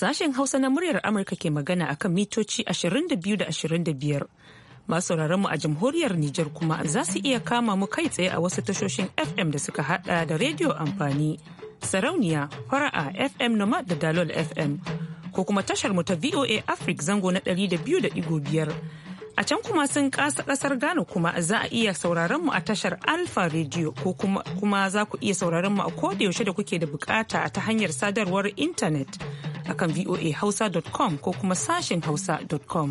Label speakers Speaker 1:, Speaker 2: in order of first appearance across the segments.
Speaker 1: Sashen Hausa na muryar Amurka ke magana a kan mitoci 22 da 25. Masu mu a jamhuriyar Nijar kuma za su iya kama mu kai tsaye a wasu tashoshin FM da suka hada da rediyo amfani, sarauniya, fara'a FM Nomad da Dalol FM, ko kuma tashar mu ta VOA Africa zango na 200.5 A can kuma sun kasa kasar Ghana kuma za a iya sauraron mu a tashar Alpha Radio ko kuma za ku iya sauraron mu a kodayaushe da kuke da bukata ta hanyar sadarwar intanet akan voahausa.com ko kuma sashen hausa.com.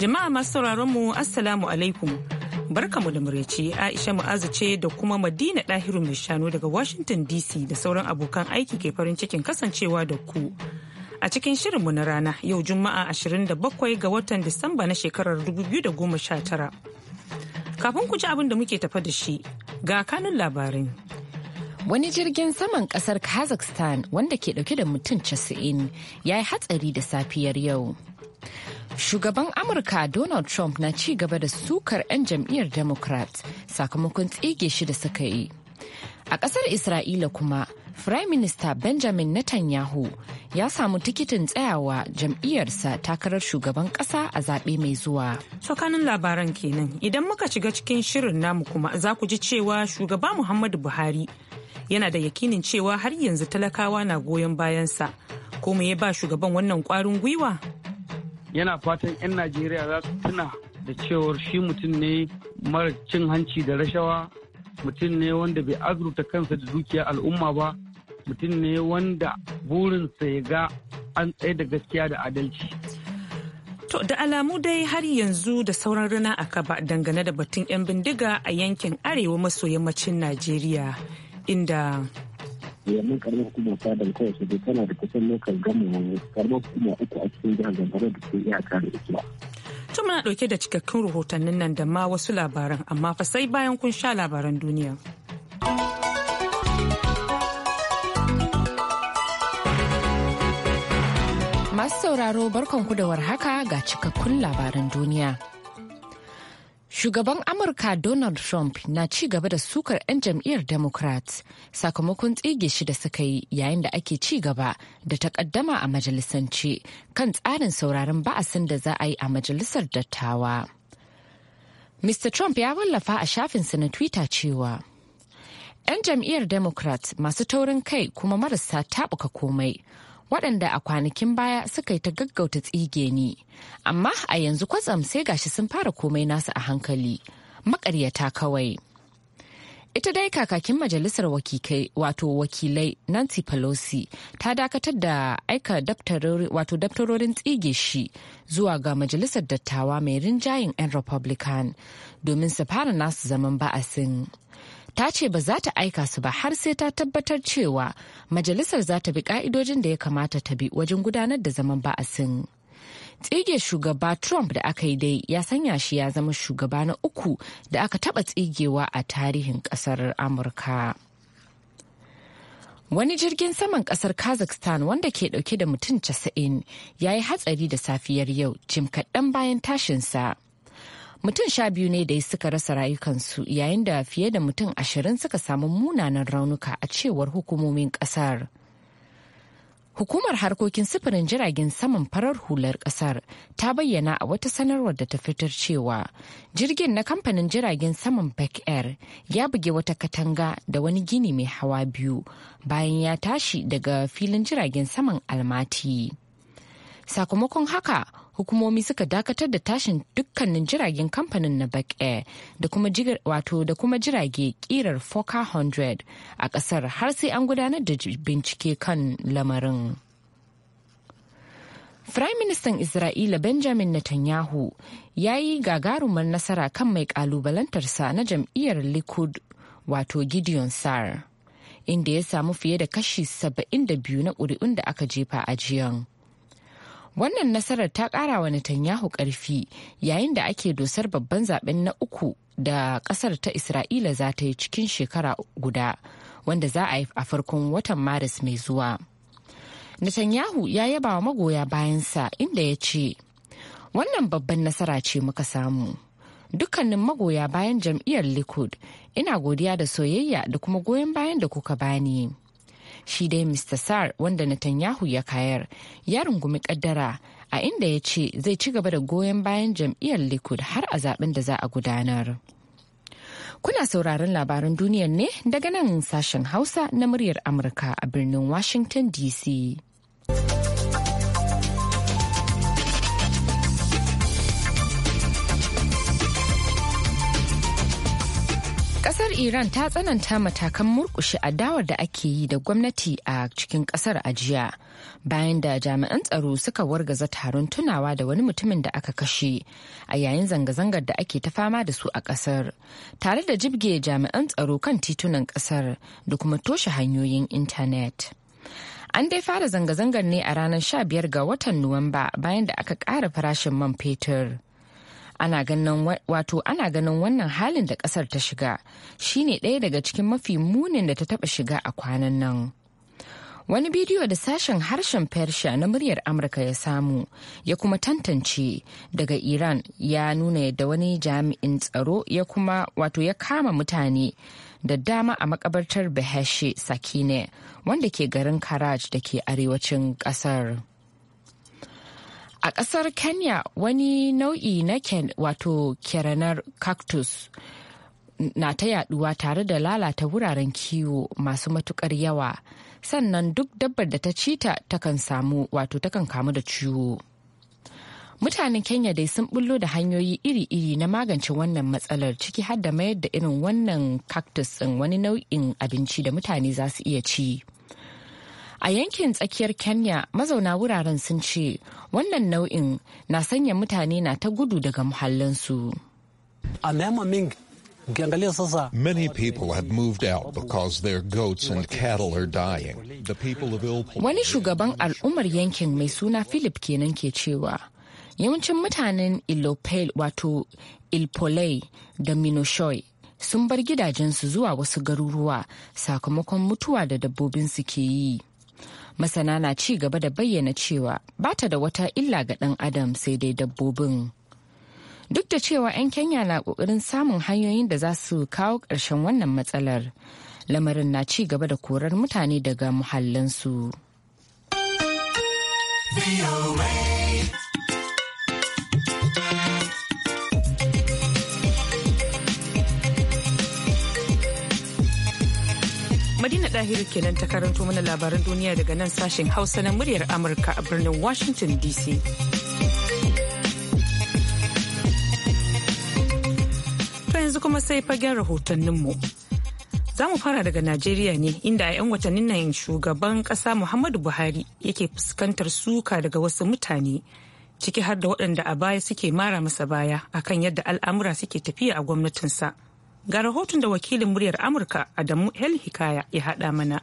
Speaker 1: Jama'a masu sauraron mu Assalamu alaikum. Barkamu da murici Aisha Mu'azu ce da kuma Madina Dahiru mai shanu daga Washington DC da sauran abokan aiki ke farin cikin kasancewa da ku. a cikin shirinmu na rana yau juma'a 27 ga watan disamba na shekarar 2019 kafin ku ji abin da muke tafa da shi ga kanun labarin
Speaker 2: wani jirgin saman kasar kazakhstan wanda ke dauke da mutum 90 ya yi hatsari da safiyar yau shugaban amurka donald trump na ci gaba da sukar 'yan jam'iyyar democrat sakamakon tsige shi da suka yi a kasar isra'ila kuma Prime Minister Benjamin Netanyahu ya samu tikitin tsayawa jam'iyyarsa takarar shugaban ƙasa a zaɓe mai zuwa.
Speaker 1: Tsakanin labaran kenan idan muka shiga cikin shirin namu kuma za ku ji cewa shugaba Muhammadu Buhari yana da yakinin cewa har yanzu talakawa na goyon bayansa. Ko ya ba shugaban wannan ƙwarin gwiwa?
Speaker 3: Yana fatan 'yan Najeriya za su tuna da cewar shi mutum ne mara cin hanci da rashawa mutum ne wanda bai azurta kansa da dukiya al'umma ba mutum ne wanda burinsa ya ga an tsaye da gaskiya da adalci
Speaker 1: To da alamu dai har yanzu da sauran rana a kaba dangane da batun 'yan bindiga a yankin arewa maso yammacin Najeriya inda
Speaker 4: yanzu karamar hukumar fadar kawai su tana da kusan lokal gama karamar kuma uku a cikin jihar zamfara da ke iya da ita
Speaker 1: To muna ɗauke da cikakkun rahotannin nan da ma wasu labaran amma fa sai bayan kun sha labaran duniya.
Speaker 2: Masu sauraro barkanku da warhaka ga cikakkun labaran duniya. Shugaban Amurka Donald Trump na ci gaba da sukar 'yan jam'iyyar Democrat sakamakon tsige shi da suka yi yayin da ake ci gaba da takaddama a majalisance kan tsarin sauraron ba'asin da za a yi a majalisar dattawa. Mr. Trump ya wallafa a shafinsa na Twitter cewa, 'yan jam'iyyar Democrat masu taurin kai kuma marasa taɓuka komai. waɗanda a kwanakin baya suka yi ta gaggauta tsige ni amma a yanzu kwatsam sai gashi sun fara komai nasu a hankali makaryata kawai ita dai kakakin majalisar wato wakilai nancy pelosi ta dakatar da aika wato daftarorin tsige shi zuwa ga majalisar dattawa mai rinjayin 'yan republican domin su fara nasu zaman ba'asin ta ce ba za ta aika su ba har sai ta tabbatar cewa majalisar za ta bi ka'idojin da ya kamata ta bi wajen gudanar da zaman ba'asin. tsige shugaba trump da aka yi dai ya sanya shi ya zama shugaba na uku da aka taba tsigewa a tarihin kasar amurka wani jirgin saman kasar kazakhstan wanda ke dauke da mutum 90 ya yi hatsari da safiyar yau jim kaɗan bayan tashinsa mutum sha biyu ne da suka rasa rayukansu yayin da fiye da mutum ashirin suka samu munanan raunuka a cewar hukumomin kasar hukumar harkokin sufurin jiragen saman farar hular kasar ta bayyana a wata sanarwar da ta fitar cewa jirgin na kamfanin jiragen saman back air ya buge wata katanga da wani gini mai hawa biyu bayan ya tashi daga filin jiragen saman almati sakamakon haka hukumomi suka dakatar da tashin dukkanin jiragen kamfanin na Back Air da kuma wato da kuma jirage kirar Fokker 100 a kasar har sai an gudanar da bincike kan lamarin. Firayim Ministan Isra'ila Benjamin Netanyahu ya yi gagarumar nasara kan mai kalubalantarsa na jam'iyyar Likud wato Gideon Sar, inda ya samu fiye da kashi 72 na ƙuri'un da aka jefa a Wannan nasarar ta ƙara wa Netanyahu ƙarfi yayin da ake dosar babban zaben na uku da ƙasar ta Isra'ila za ta yi cikin shekara guda, wanda za a yi a farkon watan Maris mai zuwa. Netanyahu ya yaba wa magoya bayansa inda ya ce, Wannan babban nasara ce muka samu. Dukkanin magoya bayan jam'iyyar Likud, ina godiya da soyayya da kuma goyon bayan da kuka bani. shi dai mr sar wanda netanyahu ya kayar ya rungumi kaddara a inda ya ce zai ci gaba da goyon bayan jam'iyyar likud har a zaben da za a gudanar kuna sauraron labaran duniyar ne daga nan sashen hausa na muryar amurka a birnin washington dc Iran ta tsananta matakan murkushe adawar da ake yi da gwamnati a cikin kasar a jiya bayan da jami'an tsaro suka wargaza taron tunawa da wani mutumin da aka kashe a yayin zanga-zangar da ake ta fama da su a kasar tare da jibge jami'an tsaro kan titunan kasar da kuma toshe hanyoyin intanet. An dai fara zanga-zangar ne a ranar 15 ga watan Nuwamba bayan da aka ƙara farashin man fetur. ana ganin wato ana ganin wannan halin da kasar ta shiga shine ɗaya daga cikin mafi munin da ta taba shiga a kwanan nan wani bidiyo da sashen harshen persia na muryar amurka ya samu ya kuma tantance daga iran ya nuna yadda wani jami'in tsaro ya kuma wato ya kama mutane da dama a makabartar beheshe sakine wanda ke garin karaj da ke arewacin kasar. A ƙasar Kenya wani nau'i na ken wato kerenar cactus na ta yaduwa tare da lalata wuraren kiwo masu matukar yawa sannan duk dabbar da ta ci ta takan samu wato takan kamu da ciwo. Mutanen Kenya dai sun bullo da hanyoyi iri-iri na magance wannan matsalar ciki har da mayar da irin wannan cactus ɗin wani nau'in abinci da mutane za su iya ci. A yankin tsakiyar Kenya mazauna wuraren sun ce wannan nau'in na sanya mutane na ta gudu daga muhallansu.
Speaker 5: Many people have moved out because their goats and cattle are dying. The people of Ilpo... Wani
Speaker 2: shugaban al'ummar yankin mai suna Philip kenan ke cewa yawancin mutanen Ilopel wato Il'Pole da Minoshoi sun bar gidajensu zuwa wasu garuruwa sakamakon mutuwa da dabbobinsu ke yi. masana na ci gaba da bayyana cewa ba ta da wata illa ga ɗan adam sai dai dabbobin duk da cewa 'yan kenya na ƙoƙarin samun hanyoyin da za su kawo ƙarshen wannan matsalar lamarin na ci gaba da korar mutane daga muhallansu.
Speaker 1: Madina Dahiru kenan ta karanto mana labaran duniya daga nan sashen Hausa na muryar Amurka a birnin Washington DC. To yanzu kuma sai fagen rahotanninmu. Za mu fara daga Najeriya ne inda a 'yan watannin nan shugaban ƙasa Muhammadu Buhari yake fuskantar suka daga wasu mutane ciki har da waɗanda a baya suke mara masa baya akan yadda al'amura suke tafiya a gwamnatinsa. Ga rahoton da wakilin muryar Amurka Adamu hel Hikaya ya hada mana.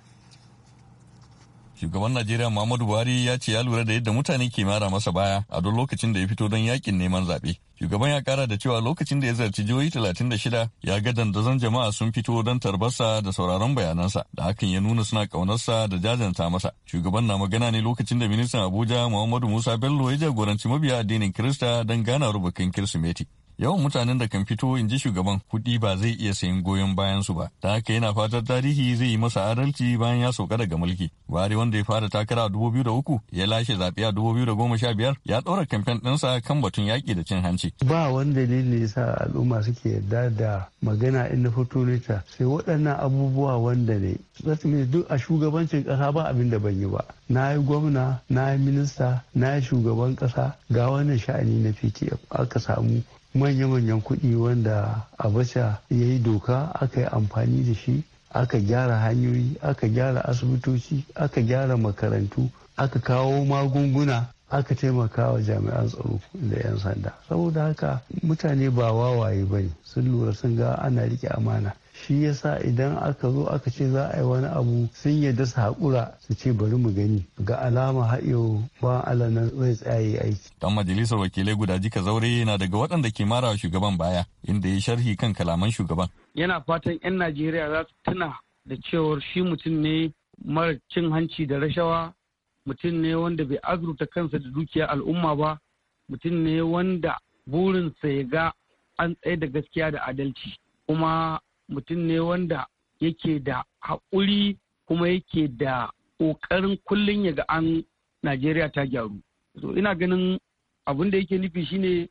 Speaker 5: shugaban najeriya muhammadu buhari ya ce ya lura da yadda mutane ke mara masa baya a duk lokacin da ya fito don yakin neman zaɓe shugaban ya kara da cewa lokacin da ya zarci jihohi talatin da shida ya ga dandazon jama'a sun fito don tarbarsa da sauraron bayanansa da hakan ya nuna suna kaunarsa da jajanta masa shugaban na magana ne lokacin da ministan abuja muhammadu musa bello ya jagoranci mabiya addinin kirista don gana rubakin kirsimeti yawan mutanen da kan fito in ji shugaban kuɗi ba zai iya sayan goyon bayansu ba ta haka yana fatar tarihi zai yi masa adalci bayan ya sauka daga mulki bari wanda ya fara takara a uku ya lashe zaɓe a sha biyar ya ɗora kamfen ɗinsa kan batun yaƙi da cin hanci.
Speaker 3: ba wani dalili sa al'umma suke yarda da magana in na fito ta sai waɗannan abubuwa wanda ne duk a shugabancin ƙasa ba abin da ban yi ba na yi gwamna na yi minista na yi shugaban ƙasa ga wannan sha'ani na ptf aka samu manya-manyan kuɗi wanda abacha ya yi doka aka yi amfani da shi aka gyara hanyoyi aka gyara asibitoci aka gyara makarantu aka kawo magunguna aka taimaka wa jami'an tsaro da 'yan sanda saboda haka mutane ba wawaye ba ne sun lura sun ga ana rike amana shi yasa idan aka zo aka ce za a yi wani abu sun yadda su haƙura su ce bari mu gani ga alama haɗewa ba alanar zai tsaye aiki.
Speaker 5: dan majalisar wakilai guda jika zaure na daga waɗanda ke mara shugaban baya inda ya sharhi kan kalaman shugaban.
Speaker 3: yana fatan 'yan najeriya za su tuna da cewar shi mutum ne mara cin hanci da rashawa mutum ne wanda bai azurta kansa da dukiya al'umma ba mutum ne wanda burinsa ya ga an tsaye da gaskiya da adalci kuma mutum ne wanda yake da haƙuri kuma yake da ƙoƙarin kullum ya ga an najeriya ta gyaru so ina ganin abin da yake nufi shine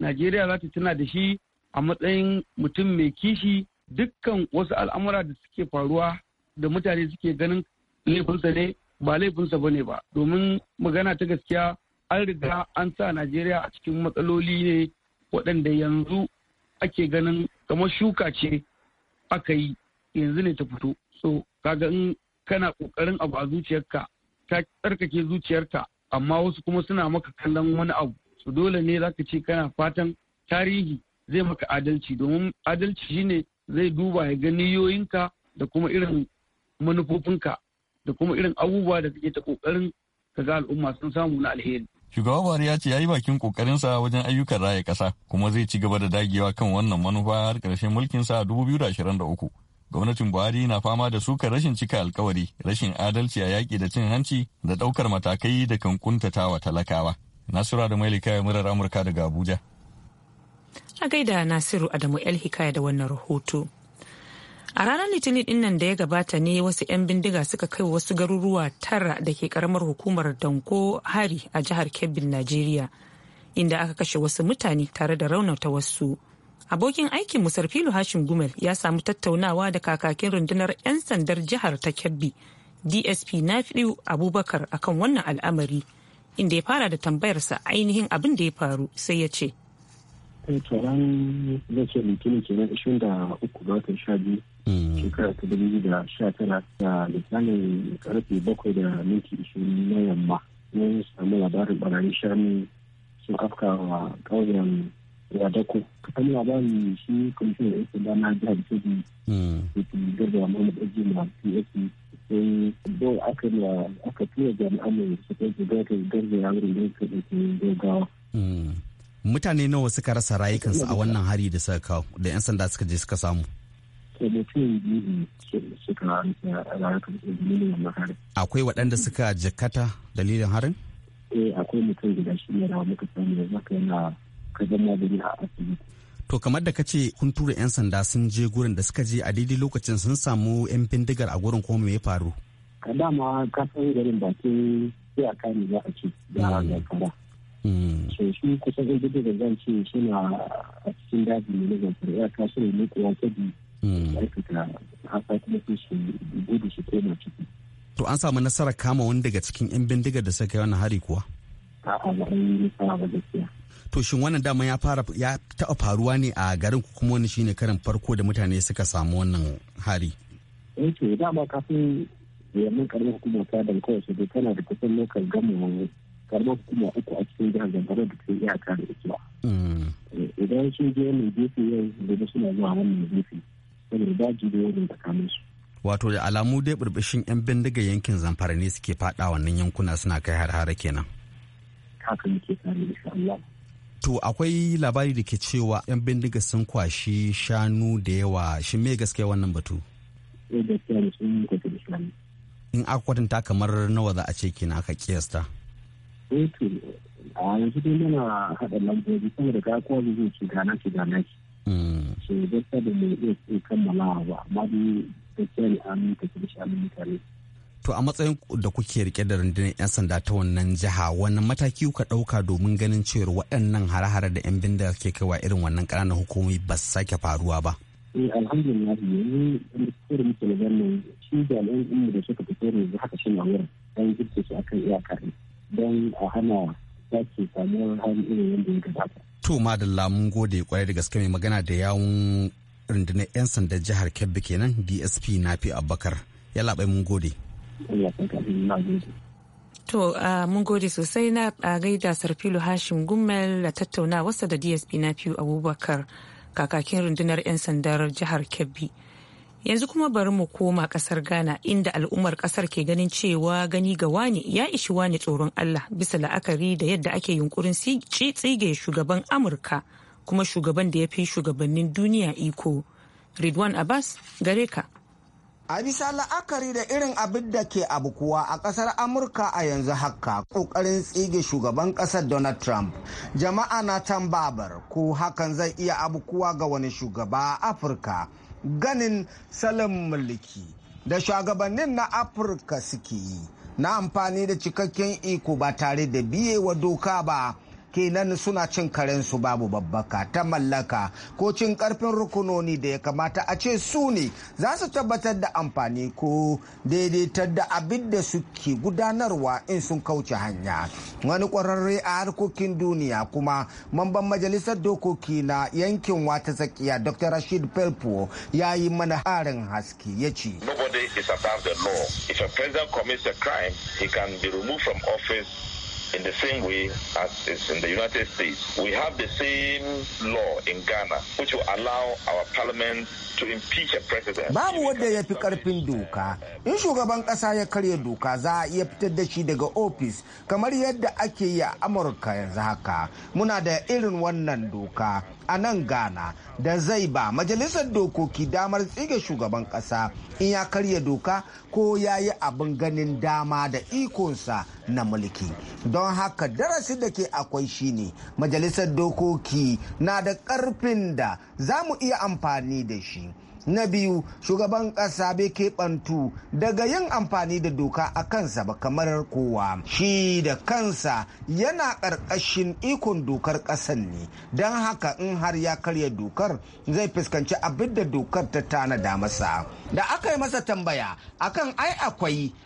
Speaker 3: najeriya za ta tuna da shi a matsayin mutum mai kishi dukkan wasu al'amura da suke faruwa da mutane suke ganin laifinsa ne ba laifinsa ba ne ba domin magana ta gaskiya an riga an sa najeriya a cikin matsaloli ne waɗanda yanzu ake ganin kamar shuka ce aka yi yanzu ne ta fito so kaga in kana kokarin abu a zuciyarka ta tsarkake zuciyarka amma wasu kuma suna maka kallon wani abu so dole ne zaka ce kana fatan tarihi zai maka adalci domin adalci shine zai duba ya ga niyoyinka da kuma irin manufofinka da kuma irin abubuwa da kake ta kokarin ka ga al'umma sun samu na alheri
Speaker 5: Shugaba Buhari ya ce ya yi bakin kokarinsa wajen ayyukan raya ƙasa kuma zai ci gaba da dagewa kan wannan manufa har ƙarshen mulkinsa a uku. Gwamnatin Buhari na fama da sukar rashin cika alkawari, rashin adalci a yaƙi da cin hanci da ɗaukar matakai da kan kuntatawa talakawa. Nasura da ya murar Amurka daga Abuja.
Speaker 1: A gaida Nasiru Adamu El Hikaya da wannan rahoto. A ranar Litinin din da ya gabata ne wasu 'yan bindiga suka kai wasu garuruwa tara da ke karamar hukumar Danko Hari a jihar Kebbin, Najeriya, inda aka kashe wasu mutane tare da raunata wasu. Abokin aikin Musarfilu Hashim Gumel ya samu tattaunawa da kakakin rundunar 'yan sandar jihar ta Kebbi, DSP na Nafiu Abubakar akan wannan al'amari, inda ya fara da tambayarsa ainihin abin da ya faru sai ya ce.
Speaker 4: zai ce mutum da ga watan sha Mm. shekara ta dubu da sha tara da misalin karfe bakwai da minti ishirin na yamma mun samu labarin barayin shanu sun afka wa kauyen yadako kan labarin shi kwamishin da yake dama jihar kebbi mm. da ke garba mana ɗaji ma psc sai do aka na aka tura jami'an mai suka ji garba garba ya wurin da yake da ke gaggawa.
Speaker 6: Mm. mutane nawa suka rasa rayukansu a wannan hari da suka kawo da 'yan sanda suka je suka samu.
Speaker 4: sai eh, mutum biyu suka harin.
Speaker 6: Akwai waɗanda suka jakata dalilin harin?
Speaker 4: Eh akwai mutum guda shi ne da muka sani yanzu haka yana ka zama gari a asibiti.
Speaker 6: To kamar da kace kun tura 'yan sanda sun je gurin da suka je a daidai lokacin sun samu 'yan bindigar a gurin kuma me ya faru?
Speaker 4: Ka dama ka san garin bakin iyaka ne za a ce da kara. Hmm. Hmm. so shi kusan ɗin da zan ce suna a cikin daji ne na zantar iyaka su ne kuwa ta biyu Hmm. ciki. To
Speaker 6: an samu nasarar kama wani daga cikin 'yan bindigar da suka yi wani hari kuwa? To shin wannan dama ya fara ya taɓa faruwa ne a garin ku kuma wani shine karin farko da mutane suka samu wannan hari?
Speaker 4: Eh to dama kafin yammin karamar hukuma ta dan kawai da tana da kusan lokacin gama karamar hukuma uku a cikin jihar Zamfara da sai iyaka da Isma. Hmm. Eh, idan sun je mai gefe yau gobe suna zuwa wannan gefe. saboda
Speaker 6: Wato da alamu dai burbushin 'yan bindiga yankin zamfara ne suke faɗa wannan yankuna suna kai har-hare kenan. Haka To akwai labari da ke cewa 'yan bindiga sun kwashi shanu da yawa shi me gaskiya wannan batu? Eh, In aka kwatanta kamar nawa za a ce kina aka kiyasta?
Speaker 4: Eh, a yanzu dai muna haɗa lambobi kuma da kwazo zai ce gana ce gana so gaskiya da mai iya kammalawa ba amma dai gaskiya ne an tafi da shanun mutane
Speaker 6: to a matsayin da kuke rike da rundunar 'yan sanda ta wannan jiha wannan mataki kuka ɗauka domin ganin cewar waɗannan hare-hare da 'yan bindiga ke kaiwa irin wannan ƙananan hukumomi ba su sake faruwa ba.
Speaker 4: eh alhamdulillah yanzu da suke da muke da nan shi jami'an inda da suka fito ne da haka shin wurin don girke su akan iyaka don a hana sake samuwar hali irin yadda ya gabata.
Speaker 6: to da lamun gode kwarai da gaske mai magana da yawun rundunar 'yan sandan jihar kebbi kenan dsp nafi abubakar ya labai mun gode
Speaker 1: to mun gode sosai na gaida sarfilu hashim gummel da tattauna wasa da dsp na nafi abubakar kakakin rundunar 'yan sandar jihar kebbi yanzu kuma bari mu koma kasar ghana inda al'ummar kasar ke ganin cewa gani ga wani ya ishi wani tsoron allah bisa la'akari da yadda ake yunkurin tsige shugaban amurka kuma shugaban da ya fi shugabannin duniya iko ridwan abbas gare ka
Speaker 7: A bisa la'akari da irin abin da ke abu kuwa a kasar Amurka a yanzu haka ƙoƙarin tsige shugaban ƙasar Donald Trump. Jama'a na tambabar ko hakan zai iya abu kuwa ga wani shugaba a Afirka. ganin salon mulki da shugabannin na afirka suke yi na amfani da cikakken iko ba tare da biye wa doka ba kenan suna cin karensu babu babbaka ta mallaka ko cin karfin rukunoni da ya kamata a ce su ne za su tabbatar da amfani ko daidaitar da abin da suke gudanarwa in sun kauce hanya wani kwararre a harkokin duniya kuma mamban majalisar dokoki na yankin wata tsakiya dr rashid pelpo ya yi mana harin haske ya ce
Speaker 8: Nobody is above the law. If a president commits a crime, he can be removed from office in the same way as is in the United States. We have the same law in Ghana which will allow our parliament to impeach a president. Babu wanda ya
Speaker 7: fi karfin doka. In shugaban kasa ya karya doka za a iya fitar da shi daga ofis kamar yadda ake yi a Amurka yanzu haka. Muna da irin wannan doka a nan Ghana da zai ba majalisar dokoki damar tsige shugaban kasa in ya karya doka ko ya yi abin ganin dama da ikonsa na mulki. Don don haka darasi da ke akwai shi ne. majalisar dokoki na da ƙarfin da za mu iya amfani da shi na biyu shugaban ƙasa bai keɓantu daga yin amfani da doka a kansa ba kamar kowa shi da kansa yana ƙarƙashin ikon dokar ƙasan ne don haka in har ya karya dokar zai fuskanci abin da dokar ta tanada masa da aka yi masa tambaya akan ai akwai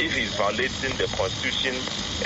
Speaker 8: if he's violating the constitution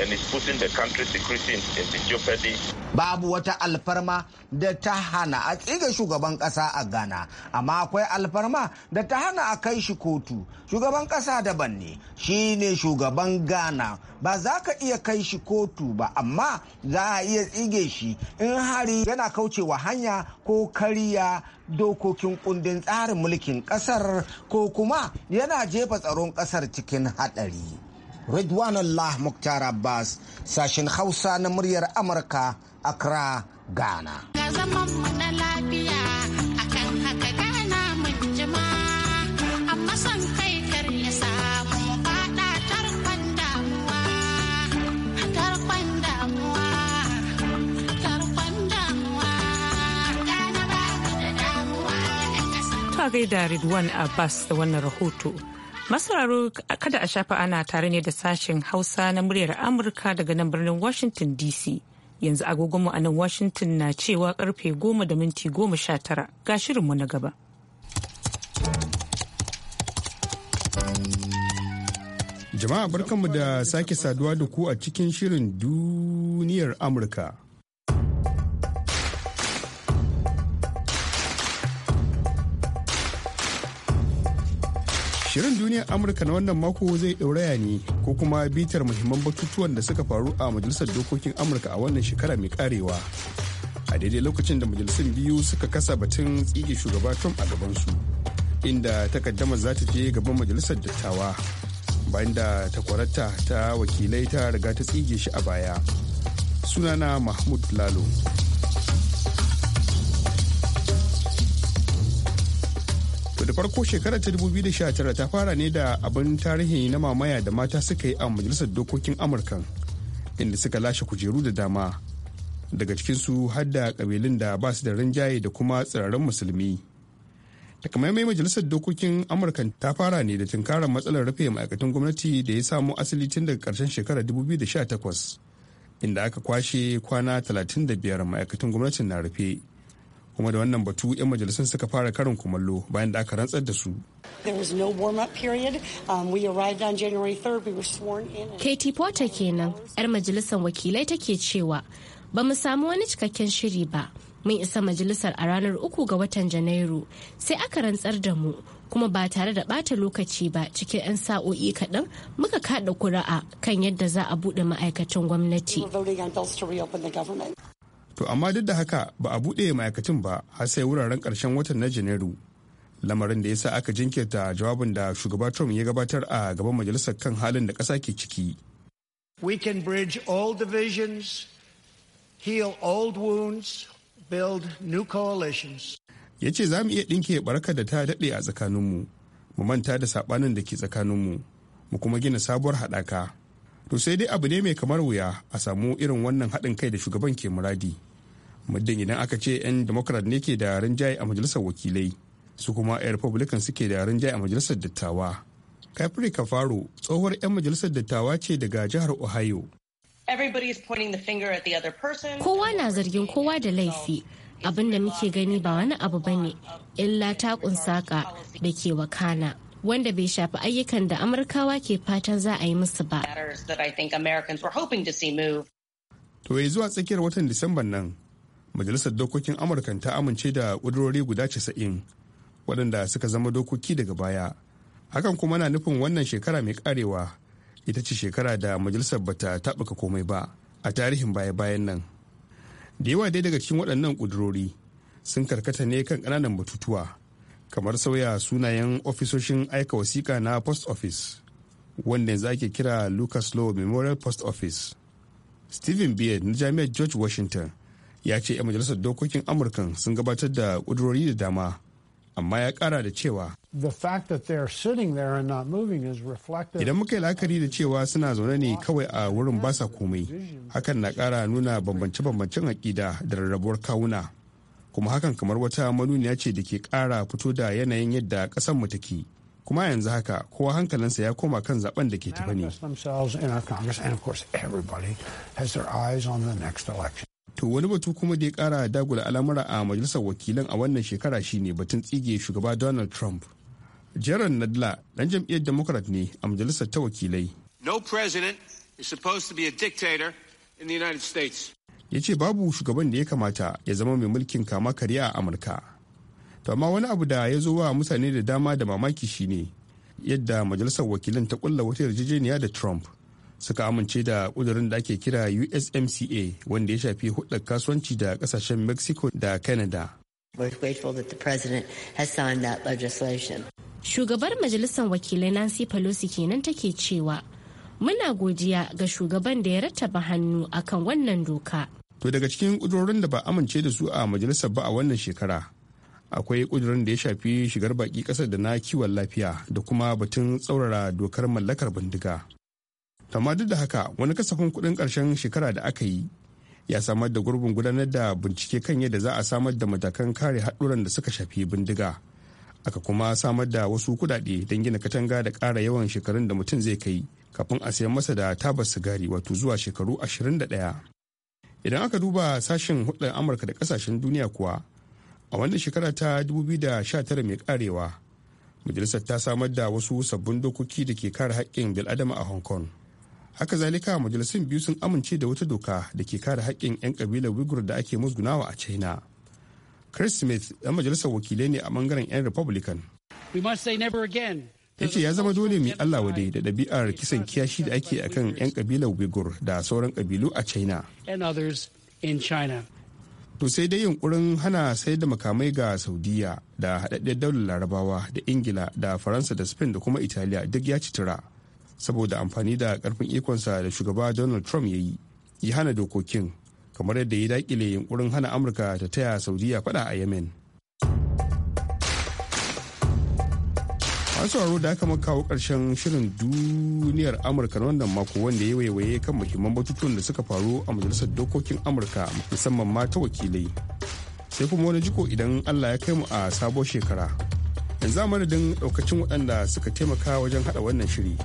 Speaker 8: and is putting the country's security in jeopardy,
Speaker 7: babu wata alfarma da ta hana a tsiga shugaban kasa a ghana amma akwai alfarma da ta hana a kai shi kotu shugaban kasa daban ne shi ne shugaban ghana ba za ka iya kai shi kotu ba amma za a iya tsige shi in hari yana kaucewa hanya ko kariya dokokin kundin tsarin mulkin kasar ko kuma yana jefa tsaron kasar cikin haɗari. Ridwan Allah Muktar Abbas, sashen Hausa na muryar Amurka Accra, Ghana.
Speaker 1: Ga zaman mu na lafiya akan haka Ghana mun jima, amma son kai kar ya samu faɗa tarkon
Speaker 6: damuwa, tarkon
Speaker 4: damuwa.
Speaker 1: Ka gaida Ridwan Abbas da wannan rahoto. Masararo kada a shafa ana tare ne da sashen Hausa na muryar Amurka daga nan birnin Washington DC. yanzu agogonmu a nan washington na cewa karfe goma da minti goma sha tara ga shirinmu na gaba
Speaker 8: jama'a barkanmu da sake saduwa da ku a cikin shirin duniyar amurka Shirin duniyar Amurka na wannan mako zai ɗauraya ne ko kuma bitar muhimman batutuwan da suka faru a Majalisar Dokokin Amurka a wannan shekara mai karewa. A daidai lokacin da majalisun biyu suka kasa batun tsige shugaba Trump a gabansu, inda takaddamar za ta je gaban Majalisar Dattawa, bayan da takwaratta ta wakilai ta riga ta tsige shi a baya. Sunana Mahmud Lalo. da farko shekarar ta 2019 ta fara ne da abin tarihi na mamaya da mata suka yi a majalisar dokokin amurka inda suka lashe kujeru da dama daga cikinsu har da kabilun da ba su da rinjaye da kuma tsirarren musulmi takamaimai majalisar dokokin amurka ta fara ne da tunkarar matsalar rufe ma'aikatan gwamnati da ya samo asali tun daga karshen shekarar 2018 inda aka kwashe kwana talatin da biyar ma'aikatan gwamnatin na rufe kuma da wannan batu 'yan majalisun suka fara karin kumallo bayan da aka rantsar da su.
Speaker 5: Um,
Speaker 2: Katie Porter kenan, 'yar majalisar wakilai take cewa ba mu samu wani cikakken shiri ba. Mun isa majalisar a ranar uku ga watan Janairu sai aka rantsar da mu kuma ba tare da bata lokaci ba cikin 'yan sa'o'i kaɗan muka kaɗa kura'a kan yadda za a buɗe ma'aikatan gwamnati.
Speaker 8: to amma duk da haka ba a buɗe ma'aikacin ba har sai wuraren ƙarshen watan na janairu lamarin da ya sa aka jinkirta jawabin da shugaba trump ya gabatar a gaban majalisar kan halin da ƙasa ke ciki
Speaker 3: we can bridge all divisions heal old wounds build new coalitions
Speaker 8: ya ce za mu iya ɗinke barkar da ta daɗe a tsakaninmu mu manta da saɓanin da ke tsakaninmu mu kuma gina sabuwar haɗaka to sai dai abu ne mai kamar wuya a samu irin wannan haɗin kai da shugaban ke muradi muddin idan aka ce 'yan democrat ne ke da rinjaye a majalisar wakilai su kuma 'yan republican suke da rinjaye a majalisar dattawa kafri kafaro tsohuwar 'yan majalisar dattawa ce daga jihar ohio
Speaker 2: kowa na zargin kowa da laifi abin da muke gani ba wani abu ba ne illa takun saka da ke wakana wanda bai shafi ayyukan da amurkawa ke fatan za a yi musu ba
Speaker 8: to ya zuwa tsakiyar watan disamban nan majalisar dokokin amurka ta amince da ƙudurori guda 90 waɗanda suka zama dokoki daga baya hakan kuma na nufin wannan shekara mai karewa ita ce shekara da majalisar bata taɓuka komai ba a tarihin baya-bayan nan da yawa dai daga cikin waɗannan ƙudurori sun karkata ne kan ƙananan batutuwa kamar sauya sunayen ofisoshin aika wasiƙa na post office wanda yanzu ake kira lucas law memorial post office stephen beard na jami'ar george washington ya ce 'yan majalisar dokokin amurkan sun gabatar da ƙudurori da dama amma ya ƙara da cewa idan muka yi la'akari da cewa suna zaune ne kawai a wurin basa komai hakan na ƙara nuna bambance-bambancen aƙida da rarrabuwar kawuna kuma hakan kamar wata manuniya ce da ke kara fito da yanayin yadda ƙasar mu take kuma yanzu haka kowa hankalinsa ya koma kan zaben da ke tafi ne. To wani batu kuma da ya kara dagula al'amura a majalisar wakilan a wannan shekara shine batun tsige shugaba Donald Trump. Jaron Nadla dan jam'iyyar Democrat ne a majalisar ta wakilai. No president is supposed to be a dictator in the United States. ya ce babu shugaban da ya kamata ya zama mai mulkin kama karya a amurka to amma wani abu da ya zo wa mutane da dama da mamaki shine yadda majalisar wakilan ta kulla wata yarjejeniya da trump suka amince da kudurin da ake kira usmca wanda ya shafi hudar kasuwanci da kasashen mexico da canada
Speaker 2: shugabar majalisar wakilai nancy pelosi kenan take cewa muna godiya ga shugaban da ya rattaba hannu akan wannan doka
Speaker 8: to daga cikin kudurorin da ba amince da su a majalisar ba a wannan shekara akwai kudurin da ya shafi shigar baki kasar da na kiwon lafiya da kuma batun tsaurara dokar mallakar bindiga amma duk da haka wani kasafin kudin karshen shekara da aka yi ya samar da gurbin gudanar da bincike kan yadda za a samar da matakan kare haɗuran da suka shafi bindiga aka kuma samar da wasu kudade don gina katanga da ƙara yawan shekarun da mutum zai kai kafin a sayan masa da tabar sigari wato zuwa shekaru ashirin da ɗaya. idan aka duba sashen hudun amurka da kasashen duniya kuwa a wannan shekara ta 2019 mai karewa majalisar ta samar da wasu sabbin dokoki da ke kare haƙƙin bil'adama a hong kong haka zalika majalisun biyu sun amince da wata doka da ke kare haƙƙin 'yan kabilar wigur da ake musgunawa a china chris smith ɗan majalisar wakilai ne a bangaren 'yan republican
Speaker 3: we must say never again
Speaker 8: ya ce ya zama dole mai Allah wadai da ɗabi'ar kisan kiyashi da ake a kan 'yan kabilar uighur da sauran kabilu a China. To sai dai yunkurin hana sayar da makamai ga Saudiya da haɗaɗɗen daular Larabawa da Ingila da Faransa da Spain da kuma Italiya duk ya citira saboda amfani da ƙarfin ikonsa da shugaba Donald Trump ya yi ya hana dokokin kamar yadda ya daƙile yunkurin hana Amurka ta taya Saudiya faɗa a Yemen. an sauraro da aka kawo karshen shirin duniyar amurka na wannan mako wanda ya waiwaye kan muhimman batutuwan da suka faru a majalisar dokokin amurka musamman ma ta wakilai sai kuma wani jiko idan allah ya kai mu a sabuwar shekara yanzu a madadin daukacin waɗanda suka taimaka wajen haɗa wannan shiri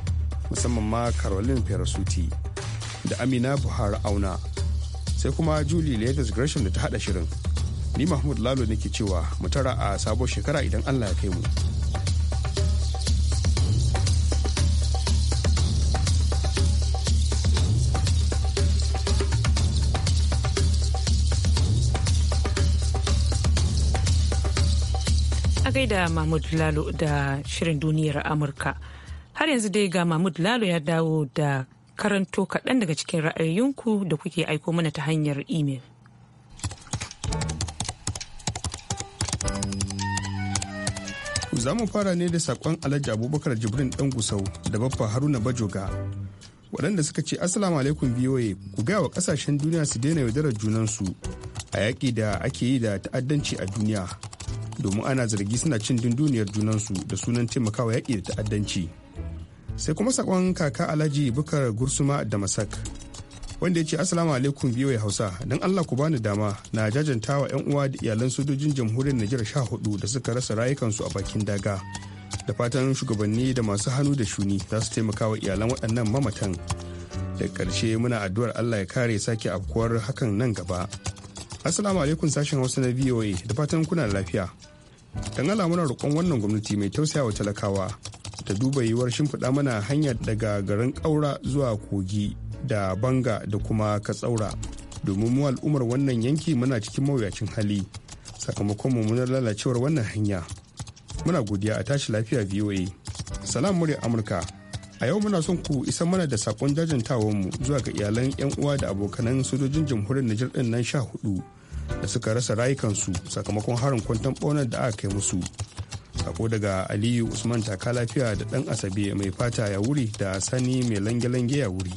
Speaker 8: musamman ma carolyn perasuti da amina buhari auna sai kuma julie latest gresham da ta haɗa shirin ni mahmud lalo nake cewa mu tara a sabuwar shekara idan allah ya kai mu.
Speaker 1: da mahmud lalo da shirin duniyar amurka har yanzu dai ga mahmud lalo ya dawo da karanto kaɗan daga cikin ra'ayoyinku da kuke aiko mana ta hanyar imel.
Speaker 8: za mu fara ne da saƙon alhaji abubakar jibrin ɗan gusau da baffa haruna bajoga waɗanda suka ce assalamu alaikum biyoye ku gaya wa ƙasashen duniya su daina yaudarar junansu a yaƙi da ake yi da ta'addanci a duniya domin ana zargi suna cin dunduniyar junansu da sunan taimakawa yaƙi da ta'addanci sai kuma sakon kaka alhaji bukar gursuma da masak wanda ya ce asalamu alaikum ya hausa don allah ku bani dama na jajantawa yan uwa da iyalan sojojin jamhuriyar nijar sha hudu da suka rasa rayukansu a bakin daga da fatan shugabanni da masu hannu da shuni za su taimaka iyalan waɗannan mamatan da ƙarshe muna addu'ar allah ya kare sake afkuwar hakan nan gaba Assalamu alaikum sashen Hausa na VOA da fatan kuna da lafiya. Dan muna roƙon wannan gwamnati mai tausayawa talakawa ta duba yiwuwar shimfiɗa mana hanya daga garin ƙaura zuwa kogi da banga da kuma katsaura domin mu al'ummar wannan yanki muna cikin mawuyacin hali sakamakon mummunar lalacewar wannan hanya. Muna godiya a tashi lafiya VOA. Salam murya Amurka. a yau muna son ku isa mana da sakon mu zuwa ga iyalan yan uwa da abokanan sojojin jamhuriyar Nijar din nan sha hudu da suka rasa rayukansu sakamakon harin kwantan ɓaunar da aka kai musu sako daga aliyu usman taka lafiya da ɗan asabe mai fata ya wuri da sani mai lange-lange ya wuri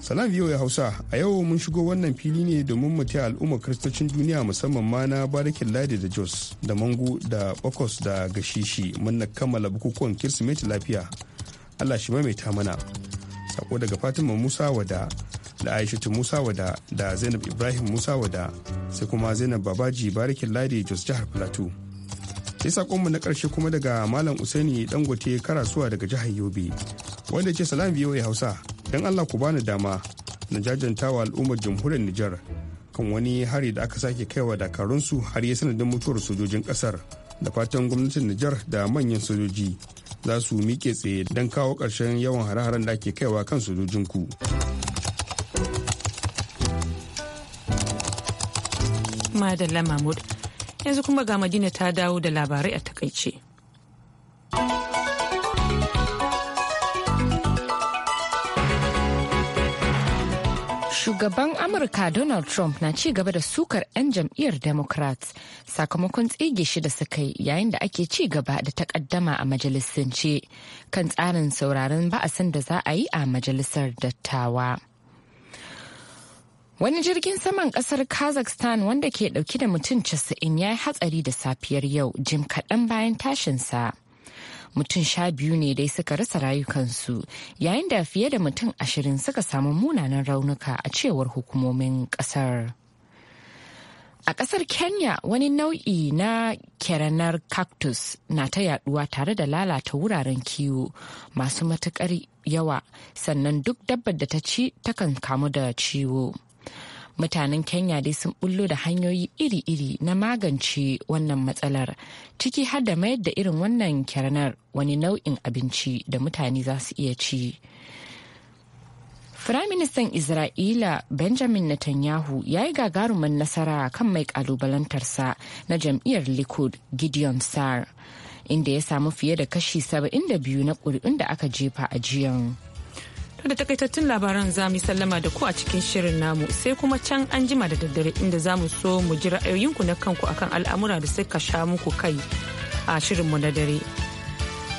Speaker 8: salam yau ya hausa a yau mun shigo wannan fili ne domin mu taya al'ummar kristocin duniya musamman ma na barikin ladi da jos da mangu da bakos da gashishi mun na kammala bukukuwan kirsimeti lafiya allah shi ta mana sako daga fatima musa wada da aishatu musa wada da zainab ibrahim musa wada sai kuma zainab babaji barikin ladi jos jihar plateau sai sakonmu na karshe kuma daga malam usaini dangote karasuwa daga jihar yobe wanda ce salam ya hausa don allah ku bani dama na jajanta wa al'ummar jamhuriyar nijar kan wani hari da aka sake kaiwa dakarunsu har ya sanadin mutuwar sojojin kasar da fatan gwamnatin nijar da manyan sojoji za su miƙe tsaye don kawo ƙarshen yawan hare-haren da ake kaiwa kan
Speaker 1: sojojinku. ku Madalla Mahmud. Yanzu kuma ga Madina ta dawo da labarai a takaice.
Speaker 2: Shugaban Amurka Donald Trump na ci gaba da sukar 'yan jam'iyyar Democrats sakamakon tsige shi da suka yi yayin da ake ci gaba da takaddama a majalisance kan tsarin sauraron ba'asin da za a yi a majalisar dattawa. Wani jirgin saman kasar Kazakhstan wanda ke dauki da mutum casa'in ya yi hatsari da safiyar yau jim kaɗan bayan tashinsa. Mutum sha biyu ne dai suka rasa rayukansu yayin da fiye da mutum ashirin suka samu munanan raunuka a cewar hukumomin kasar. A kasar Kenya wani nau'i na kerenar cactus na ta yaduwa tare da lalata wuraren kiwo masu matukar yawa sannan duk dabbar da ta ci takan kamu da ciwo. mutanen kenya dai sun bullo da hanyoyi iri-iri na magance wannan matsalar ciki har da mayar da irin wannan kyarnar wani nau'in abinci da mutane za su iya ci Firaministan Isra'ila Benjamin Netanyahu ya yi gagarumin nasara kan mai kalubalantarsa na jam'iyyar Likud Gideon Sar, inda ya samu fiye da kashi 72 na ƙuri'un da aka jefa a jiyan.
Speaker 6: da
Speaker 1: takaitattun labaran za mu sallama da ku a cikin shirin namu sai kuma can an jima da daddare inda za mu so mu ji ra'ayoyinku na kanku akan al'amura da suka sha muku kai a shirinmu na dare.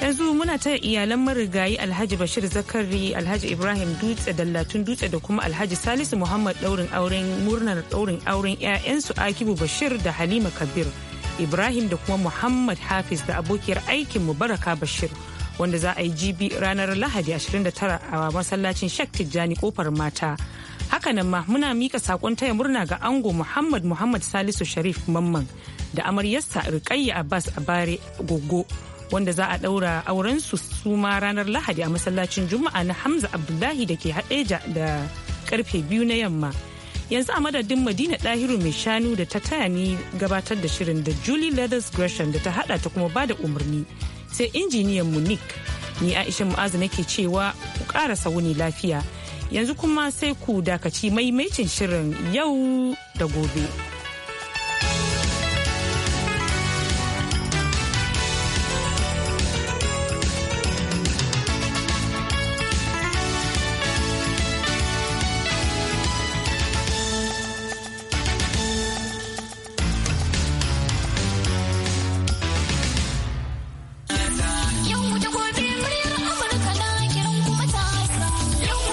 Speaker 1: yanzu muna taya iyalan marigayi alhaji bashir zakari alhaji ibrahim dutse dallatun dutse da kuma alhaji salisu muhammad daurin auren murnar daurin auren 'ya'yansu akibu bashir da halima kabir ibrahim da kuma muhammad hafiz da abokiyar aikin baraka bashir wanda za a yi jibi ranar lahadi 29 a masallacin shek tijjani kofar mata hakanan ma muna mika saƙon taya murna ga ango muhammad muhammad salisu sharif mamman da amaryarsa rikayya abbas abare gogo wanda za a daura auren su suma ranar lahadi a masallacin juma'a na hamza abdullahi da ke haɗeja da karfe biyu na yamma yanzu a madadin madina dahiru mai shanu da ta taya ni gabatar da shirin da julie leathers gresham da ta hada ta kuma bada umarni sai injiniyan mu ni aisha mu'azu nake cewa ku ƙara sauni lafiya yanzu kuma sai ku dakaci maimaicin shirin yau da gobe.